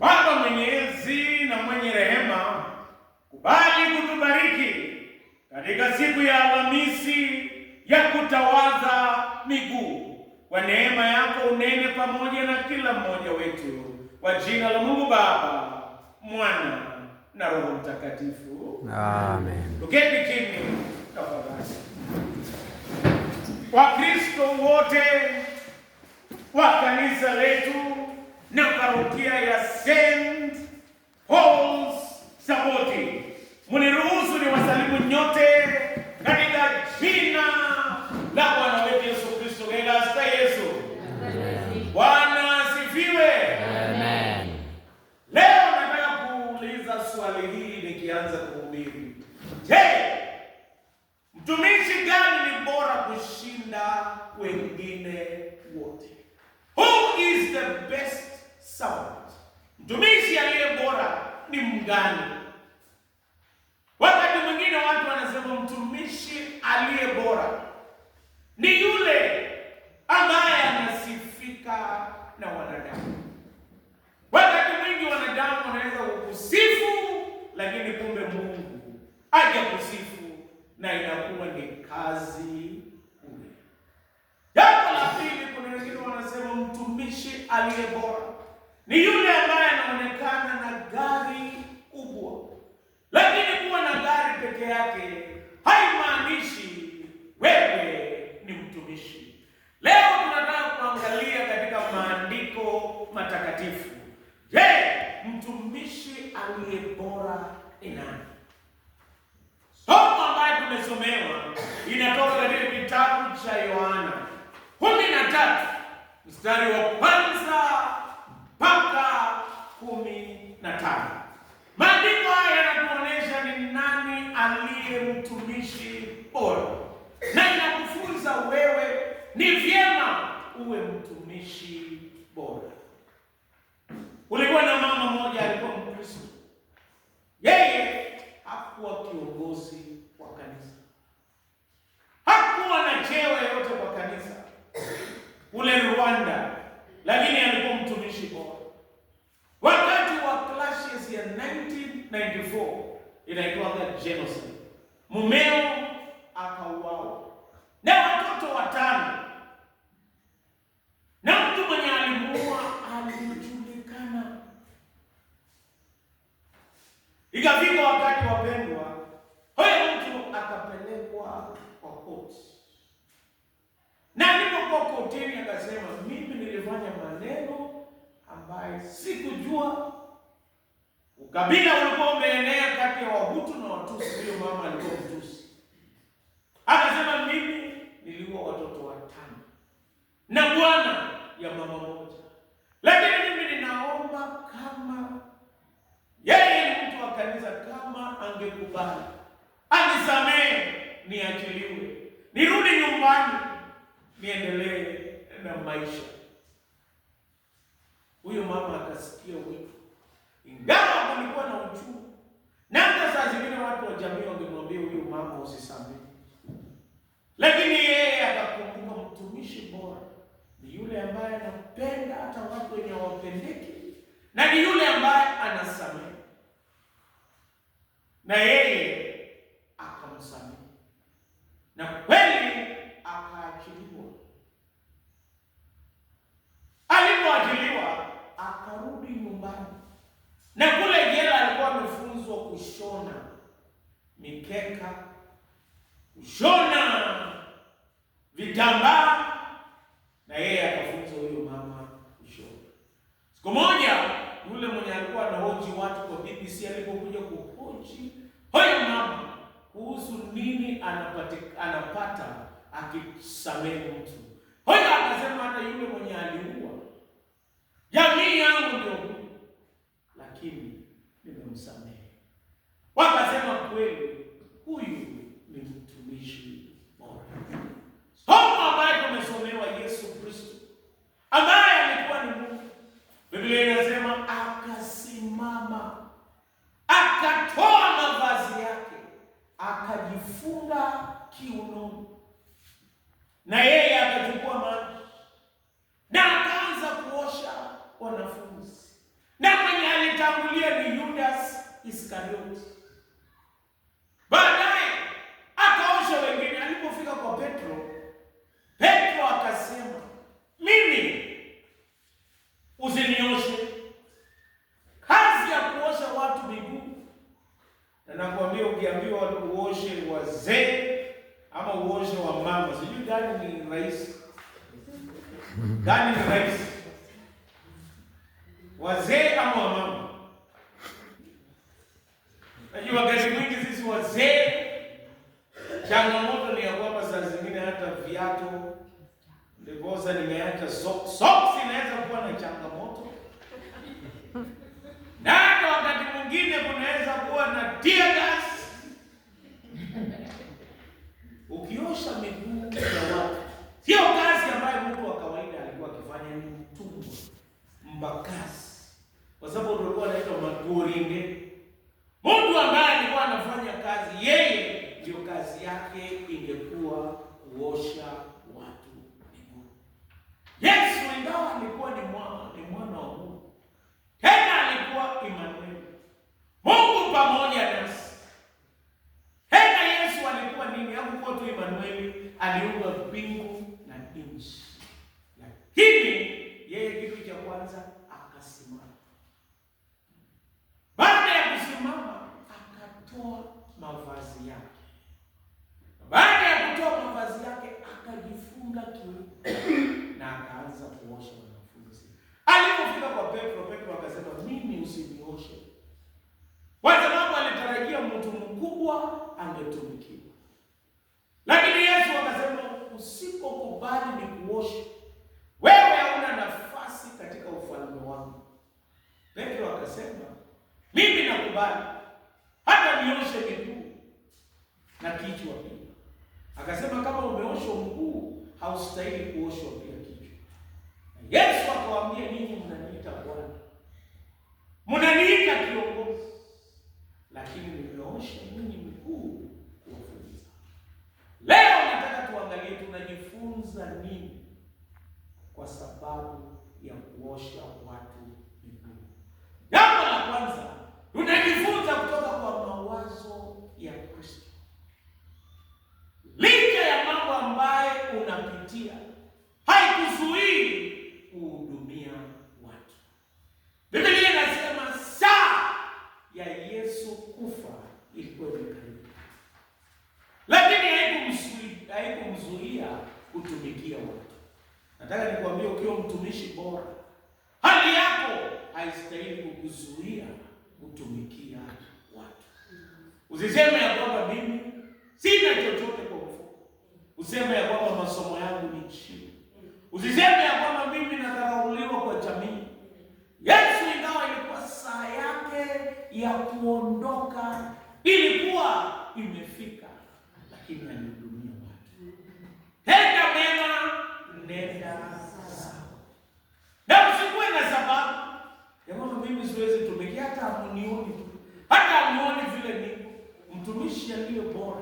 Baba mwenyezi na mwenye rehema, kubali kutubariki katika siku ya Alhamisi ya kutawaza miguu kwa neema yako unene pamoja na kila mmoja wetu, kwa jina la Mungu Baba, Mwana na Roho Mtakatifu, amen. Tuketi chini tafadhali. Wakristo wote wa kanisa letu na parokia ya St. Paul's mtakatifu. Je, mtumishi aliye bora ni nani? Somo ambayo tumesomewa inatoka katika kitabu cha Yohana kumi na tatu mstari wa kwanza mpaka kumi na tano. Maandiko haya yanatuonyesha ni nani aliye mtumishi bora na inakufunza wewe ni vyema uwe mtumishi bora. Kulikuwa na mama mmoja alikuwa Mkristo, yeye hakuwa kiongozi wa kanisa, hakuwa na cheo yoyote kwa kanisa kule Rwanda, lakini alikuwa mtumishi bora. Wakati wa clashes ya 1994 inaitwaga genocide, mumeo akauawa na watoto watano akasema, mimi nilifanya maneno ambaye sikujua. Ukabila ulikuwa umeenea kati ya Wahutu na Watusi. Huyo mama alikuwa Mtusi, akasema mimi niliua watoto watano na bwana ya mama moja, lakini mimi ninaomba kama yeye mtu wa kanisa, kama angekubali anisamehe, niachiliwe, nirudi nyumbani, niendelee na maisha. Huyo mama akasikia wito, ingawa kulikuwa na uchungu, na hata saa zingine watu wa jamii wangemwambia huyo mama usisamehe, lakini yeye akakumbuka mtumishi bora ni yule ambaye anapenda hata watu wenye wapendeki, na ni yule ambaye anasamehe, na yeye akamsamehe na kweli akaachiliwa alipoachiliwa akarudi nyumbani, na kule jela alikuwa amefunzwa kushona mikeka, kushona vitambaa, na yeye akafunza huyo mama kushona. Siku moja yule mwenye alikuwa anahoji watu kwa BBC alipokuja kuhoji huyo mama kuhusu nini anapata, anapata akisamehe mtu huyo, akasema hata yule mwenye aliua jamii yangu ndio lakini nimemsamehe. Wakasema kweli, huyu ni mtumishi bora. na nakwambia, ukiambiwa uoshe wazee ama uoshe wa mama, sijui gani ni rahisi, gani ni rahisi, wazee ama wamama? Najua wakati mwingi sisi wazee, changamoto ni ya kwamba saa zingine hata viatu ndiposa nimeacha socks, inaweza kuwa na changamoto tear gas. Ukiosha miguu ya watu sio kazi ambayo mtu wa kawaida alikuwa akifanya, ni mtumwa mbakazi, kwa sababu ndio alikuwa anaitwa maguringe. mtu ambaye alikuwa anafanya kazi, yeye ndio kazi yake ingekuwa kuosha watu miguu. Yesu ingawa aliumba mbingu na nchi, lakini yeye kitu cha kwanza akasimama. Baada ya kusimama, akatoa mavazi yake. Baada ya kutoa mavazi yake, akajifunga kiuno na akaanza kuosha wanafunzi. Alipofika kwa Petro, Petro akasema, mimi usinioshe, kwa sababu alitarajia mtu mkubwa angetumikiwa, lakini usipokubali ni kuosha, wewe hauna nafasi katika ufalme wangu. Petro akasema mimi nakubali, hata nioshe miguu na kichwa pia. Akasema kama umeoshwa mguu, haustahili kuoshwa pia kichwa. Yesu akawaambia, ninyi mnaniita Bwana, mnaniita kiongozi, lakini nimeosha ninyi miguu kuwafundisha leo tuangalie tunajifunza nini kwa sababu ya kuosha watu miguu. Jambo la kwanza tunajifunza kutoka kwa mawazo ya Kristo. Licha ya mambo ambayo unapitia haikuzuii kuhudumia watu. Biblia Nataka nikwambie ukiwa mtumishi bora, hali yako haistahili kukuzuia kutumikia watu. Usiseme ya kwamba mimi sina chochote kwa mfuko. Useme ya kwamba masomo yangu ni chini. Usiseme ya kwamba mimi nadharauliwa kwa jamii. Yesu, ingawa ilikuwa saa yake ya kuondoka ilikuwa imefika, lakini alihudumia watu. siwezi tumiki hata amunioni hata hamuoni vile ni Mtumishi aliye bora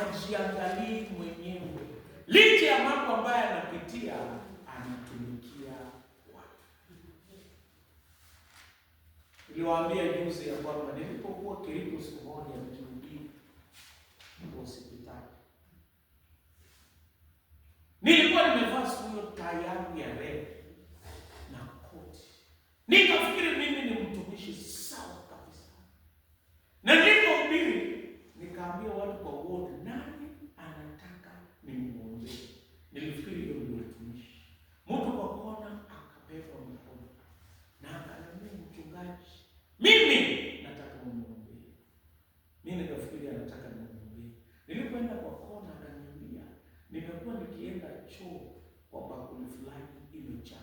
ajiangalie mwenyewe, licha ya mambo ambayo anapitia, anatumikia watu. Niliwaambia juzi ya kwamba nilipokuwa Kilipo siku moja kucha.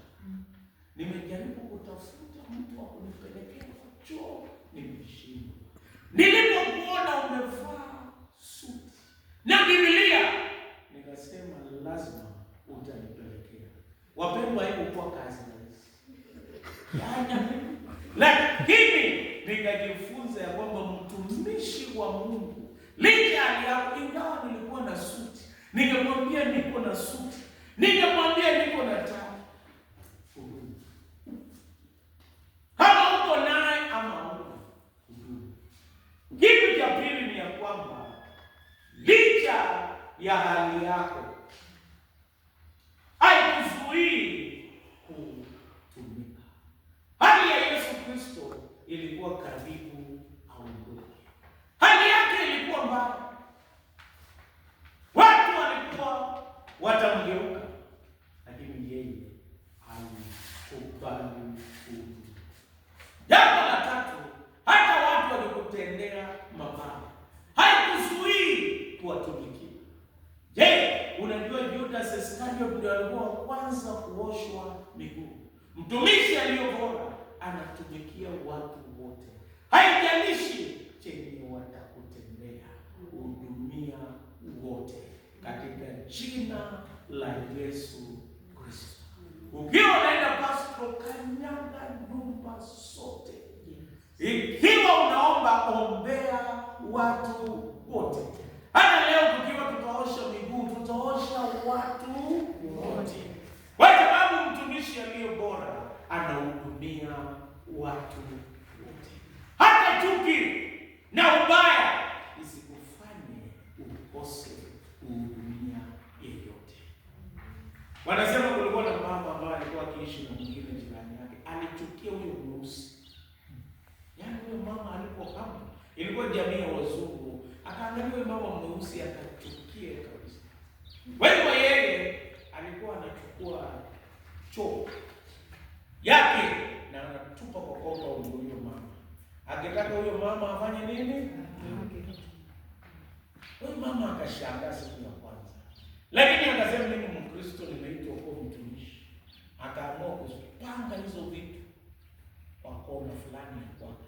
Nimejaribu kutafuta mtu wa kunipelekea choo, nimeshindwa. Nilipokuona umevaa suti na Biblia, nikasema lazima utanipelekea. Wapendwa, haikukuwa kazi rahisi, yaani, lakini nikajifunza ya kwamba mtumishi wa Mungu licha ya ingawa nilikuwa na suti, nikamwambia niko na suti, nikamwambia niko na ya hali yako. Je, unajua Judas Iscariot ndio alikuwa kwanza kuoshwa miguu? Mtumishi aliyo bora anatumikia watu wote, haijalishi chenye watakutendea, hudumia wote katika jina la Yesu Kristo. Ukiwa unaenda pastro, kanyaga nyumba zote. Ikiwa unaomba, ombea watu wote. Hata leo tukiwa tutaosha miguu, tutaosha watu wote, kwa sababu mtumishi aliyo bora anahudumia watu wote. Hata chuki na ubaya isikufanye ukose kuhudumia yeyote. Wanasema kulikuwa na mama ambaye alikuwa akiishi na mwingine jirani yake, alichukia huyo mweusi. Yaani huyo mama alipo hapo, ilikuwa jamii ya wazungu akaangalia mama mweusi akachukia kabisa. Wewe yeye alikuwa anachukua choo yake na anatupa kwa kopa huyo mama. Akitaka huyo mama afanye nini? Huyo mama akashangaa siku ya kwanza, lakini akasema mimi Mkristo nimeitwa kuwa mtumishi. Akaamua kupanga hizo vitu kwa kona fulani ya kwake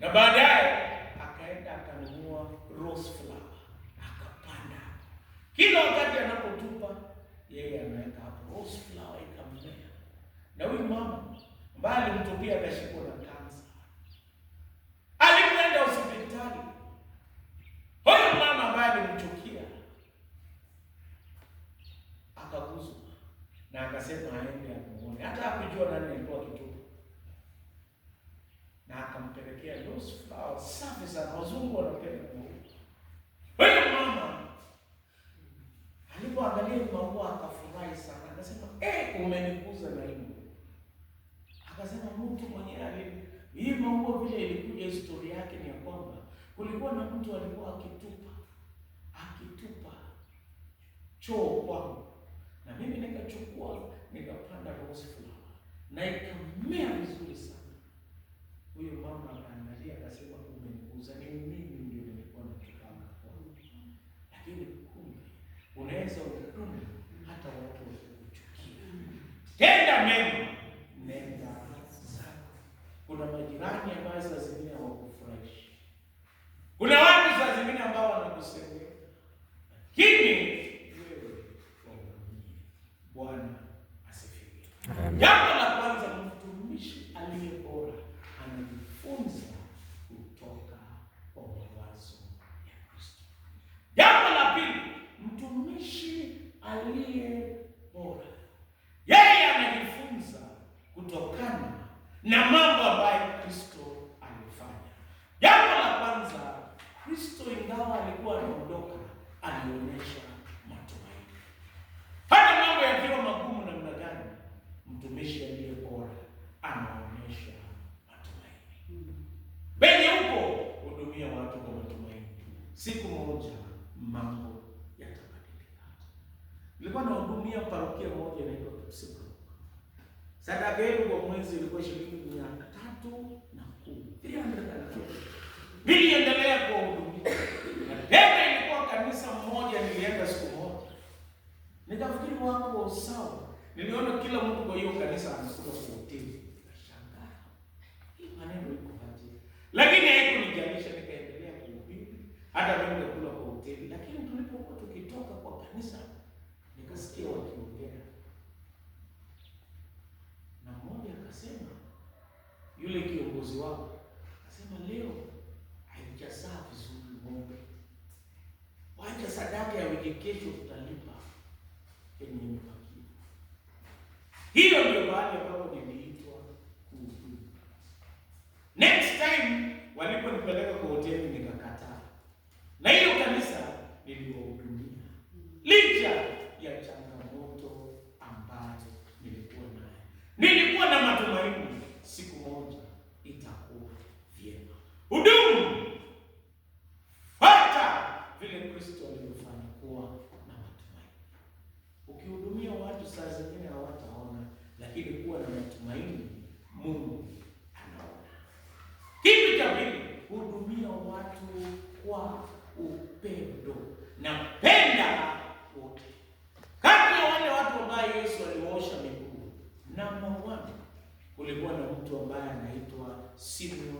na baadaye akaenda akanunua rose flower akapanda. Kila wakati anapotupa yeye anaweka hapo rose flower ikamlea. Na huyu mama ambaye alimtupia akashikwa na kansa alikwenda hospitali. Huyu mama ambaye alimchukia akaguzwa na akasema aende amuone, hata hakujua nani alikuwa kitu na akampelekea those flowers safi sana, wazungu wanapenda maua. Wewe mama alipoangalia maua akafurahi sana, akasema eh, umenikuza na hivyo. Akasema mtu mwenye ali hii maua vile ilikuja, historia yake ni ya kwamba kulikuwa na mtu alikuwa akitupa akitupa choo kwangu, na mimi nikachukua nikapanda rose flower na akasema umeniguza. Ni mimi nilikuwa nahudumia parokia moja inaitwa Kipsimu. Sadaka yetu kwa mwezi ilikuwa shilingi mia tatu na kumi. Niliendelea kuwahudumia. Tena ilikuwa kanisa moja, nilienda siku moja. Nikafikiri wako sawa. Niliona kila mtu kwa hiyo kanisa anakula kwa hoteli. Nashangaa. Hii maneno iko haja. Lakini haikunijanisha nikaendelea kuhubiri. Hata mimi nikakula kwa hoteli, lakini tulipokuwa tukitoka kwa kanisa nikasikia wakiongea, na mmoja akasema, yule kiongozi wao akasema, leo haijasaa vizuri ng'ombe, wacha sadaka ya wiki, kesho tutalipa. Nimebakia hiyo ndio mahali ambapo niliitwa kuhubiri. Next time waliponipeleka kwa hoteli nikakataa, na hiyo kanisa vile Kristo alivyofanya kuwa na matumaini. Ukihudumia watu saa zingine hawataona, lakini kuwa na matumaini, Mungu anaona. Kitu cha pili, hudumia watu kwa upendo na penda wote. Kati ya wale watu ambaye Yesu aliwaosha miguu, namba moja kulikuwa na mtu ambaye anaitwa Simon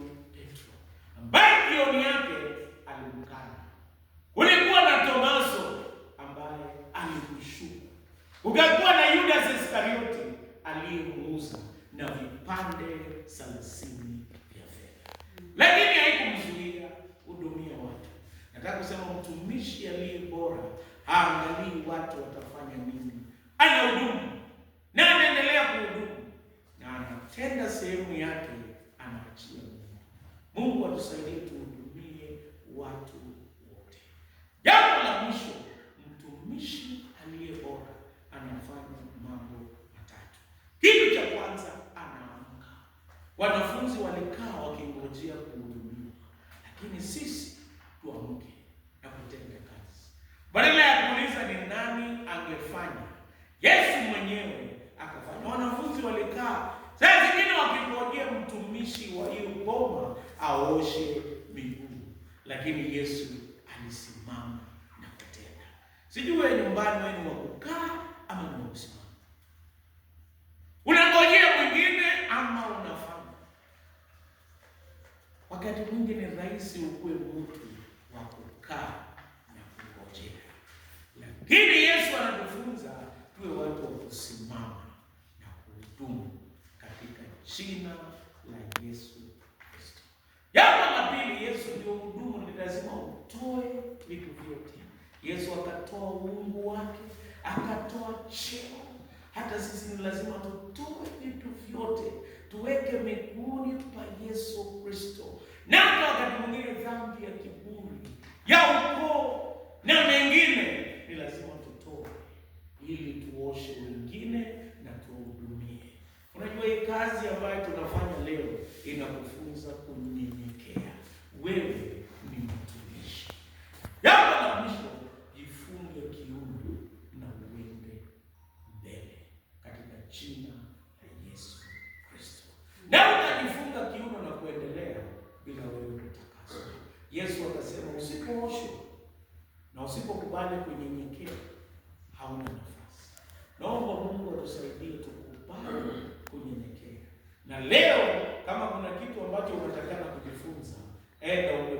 Ungekuwa na Yuda Iskarioti aliyeuza na vipande thelathini vya fedha, lakini haikumzuia hudumia watu. Nataka kusema mtumishi aliye bora haangalii watu watafanya nini, anahudumu na anaendelea kuhudumu na anatenda sehemu yake, anaachia Mungu. Mungu atusaidie tuhudumie watu wote. Jambo la mwisho Wanafunzi walikaa wakingojea kuhudumiwa, lakini sisi tuamke na kutenda kazi, badala ya kuuliza ni nani angefanya. Yesu mwenyewe akafanya. Wanafunzi walikaa saa zingine wakingojea mtumishi wa hiyo boma aoshe miguu, lakini Yesu alisimama na kutenda. Sijui nyumbani, wenu wa kukaa ama ni wa kusimama? Unangojea mwingine ama unafanya Wakati mwingine rahisi ukuwe mtu wa kukaa na kungojea, lakini Yesu anatufunza tuwe watu wa kusimama na kuhudumu katika jina la Yesu Kristo. Jambo la pili, Yesu ndio hudumu, ni lazima utoe vitu vyote. Yesu akatoa uungu wake, akatoa cheo. Hata sisi ni lazima tutoe vitu vyote, tuweke miguuni pa Yesu Kristo na hata wakati mwingine dhambi ya kiburi ya ukoo na mengine, ni lazima tutoe ili tuoshe wengine na tuhudumie Unajua hii kazi ambayo tunafanya leo inakufunza kunyenyekea and the